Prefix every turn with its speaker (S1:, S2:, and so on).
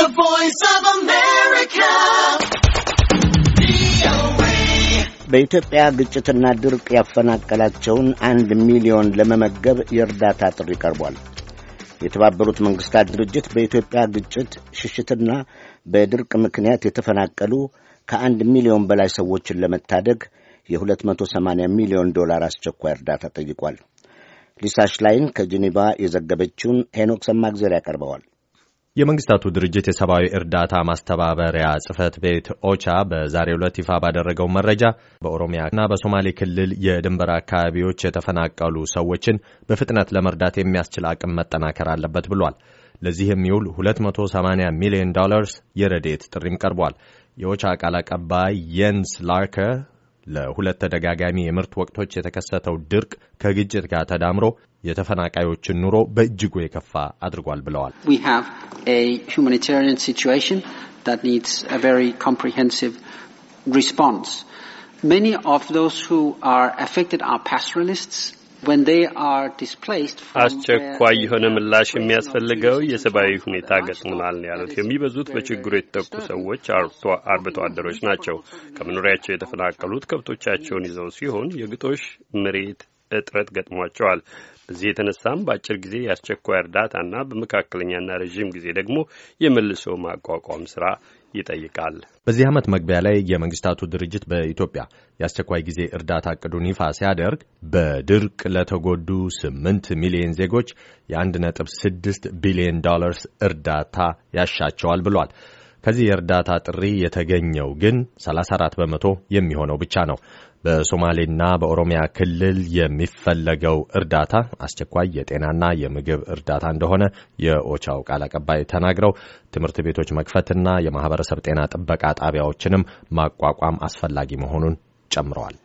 S1: The Voice of America.
S2: በኢትዮጵያ ግጭትና ድርቅ ያፈናቀላቸውን አንድ ሚሊዮን ለመመገብ የእርዳታ ጥሪ ቀርቧል። የተባበሩት መንግሥታት ድርጅት በኢትዮጵያ ግጭት ሽሽትና በድርቅ ምክንያት የተፈናቀሉ ከአንድ ሚሊዮን በላይ ሰዎችን ለመታደግ የ280 ሚሊዮን ዶላር አስቸኳይ እርዳታ ጠይቋል። ሊሳሽ ላይን ከጄኔቫ የዘገበችውን ሄኖክ ሰማግዜር ያቀርበዋል።
S1: የመንግስታቱ ድርጅት የሰብአዊ እርዳታ ማስተባበሪያ ጽህፈት ቤት ኦቻ በዛሬ ዕለት ይፋ ባደረገው መረጃ በኦሮሚያ እና በሶማሌ ክልል የድንበር አካባቢዎች የተፈናቀሉ ሰዎችን በፍጥነት ለመርዳት የሚያስችል አቅም መጠናከር አለበት ብሏል። ለዚህ የሚውል 280 ሚሊዮን ዶላርስ የረዴት ጥሪም ቀርቧል። የኦቻ ቃል አቀባይ የንስ ላርከ ለሁለት ተደጋጋሚ የምርት ወቅቶች የተከሰተው ድርቅ ከግጭት ጋር ተዳምሮ የተፈናቃዮችን ኑሮ በእጅጉ የከፋ አድርጓል ብለዋል። ሪስፖንስ ሜኒ ኦፍ ዞዝ ሁ አር አፌክትድ አር ፓስቶራሊስትስ
S3: አስቸኳይ የሆነ ምላሽ የሚያስፈልገው የሰብአዊ ሁኔታ ገጥሞናል ነው ያሉት። የሚበዙት በችግሩ የተጠቁ ሰዎች አርብቶ አደሮች ናቸው። ከመኖሪያቸው የተፈናቀሉት ከብቶቻቸውን ይዘው ሲሆን የግጦሽ መሬት እጥረት ገጥሟቸዋል። በዚህ የተነሳም በአጭር ጊዜ የአስቸኳይ እርዳታና በመካከለኛና ረዥም ጊዜ ደግሞ የመልሶ ማቋቋም ስራ ይጠይቃል።
S1: በዚህ ዓመት መግቢያ ላይ የመንግስታቱ ድርጅት በኢትዮጵያ የአስቸኳይ ጊዜ እርዳታ እቅዱን ይፋ ሲያደርግ በድርቅ ለተጎዱ 8 ሚሊዮን ዜጎች የ1.6 ቢሊዮን ዶላርስ እርዳታ ያሻቸዋል ብሏል። ከዚህ የእርዳታ ጥሪ የተገኘው ግን 34 በመቶ የሚሆነው ብቻ ነው። በሶማሌና በኦሮሚያ ክልል የሚፈለገው እርዳታ አስቸኳይ የጤናና የምግብ እርዳታ እንደሆነ የኦቻው ቃል አቀባይ ተናግረው ትምህርት ቤቶች መክፈትና የማህበረሰብ ጤና ጥበቃ ጣቢያዎችንም ማቋቋም አስፈላጊ መሆኑን ጨምረዋል።